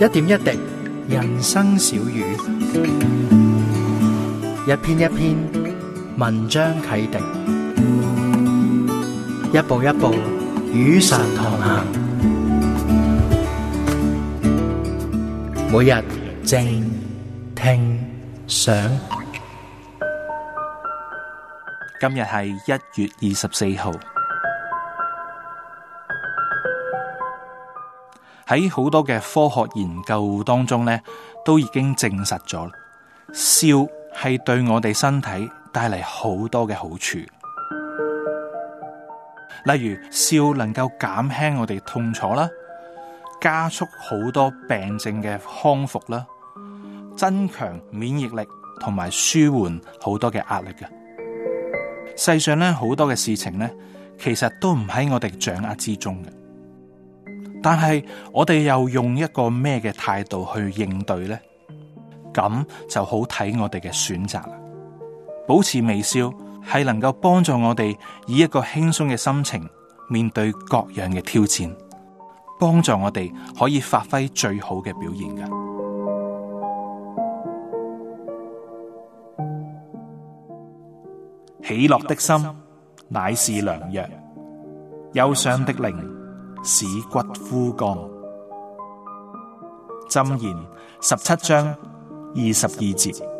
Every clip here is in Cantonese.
一點一滴，人生小語；一篇一篇，文章啟迪；一步一步，雨傘同行。每日靜聽想，今日係一月二十四號。喺好多嘅科學研究當中咧，都已經證實咗，笑係對我哋身體帶嚟好多嘅好處。例如，笑能夠減輕我哋痛楚啦，加速好多病症嘅康復啦，增強免疫力同埋舒緩好多嘅壓力嘅。世上咧好多嘅事情咧，其實都唔喺我哋掌握之中嘅。但係我哋又用一個咩嘅態度去應對呢？咁就好睇我哋嘅選擇啦。保持微笑係能夠幫助我哋以一個輕鬆嘅心情面對各樣嘅挑戰，幫助我哋可以發揮最好嘅表現嘅。喜樂的心，的心乃是良藥，憂傷的靈，使骨枯乾，箴言十七章二十二節。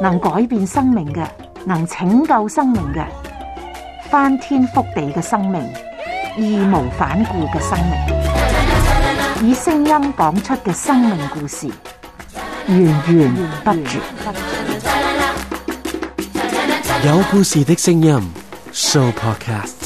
能改變生命嘅，能拯救生命嘅，翻天覆地嘅生命，義無反顧嘅生命，以聲音講出嘅生命故事，源源不絕。有故事的聲音，Sooo Podcast。